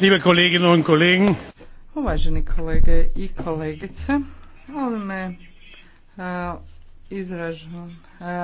liebe Kolleginnen und Kollegen. Uvaženi kolege i kolegice, ovime uh, eh, izražavam eh,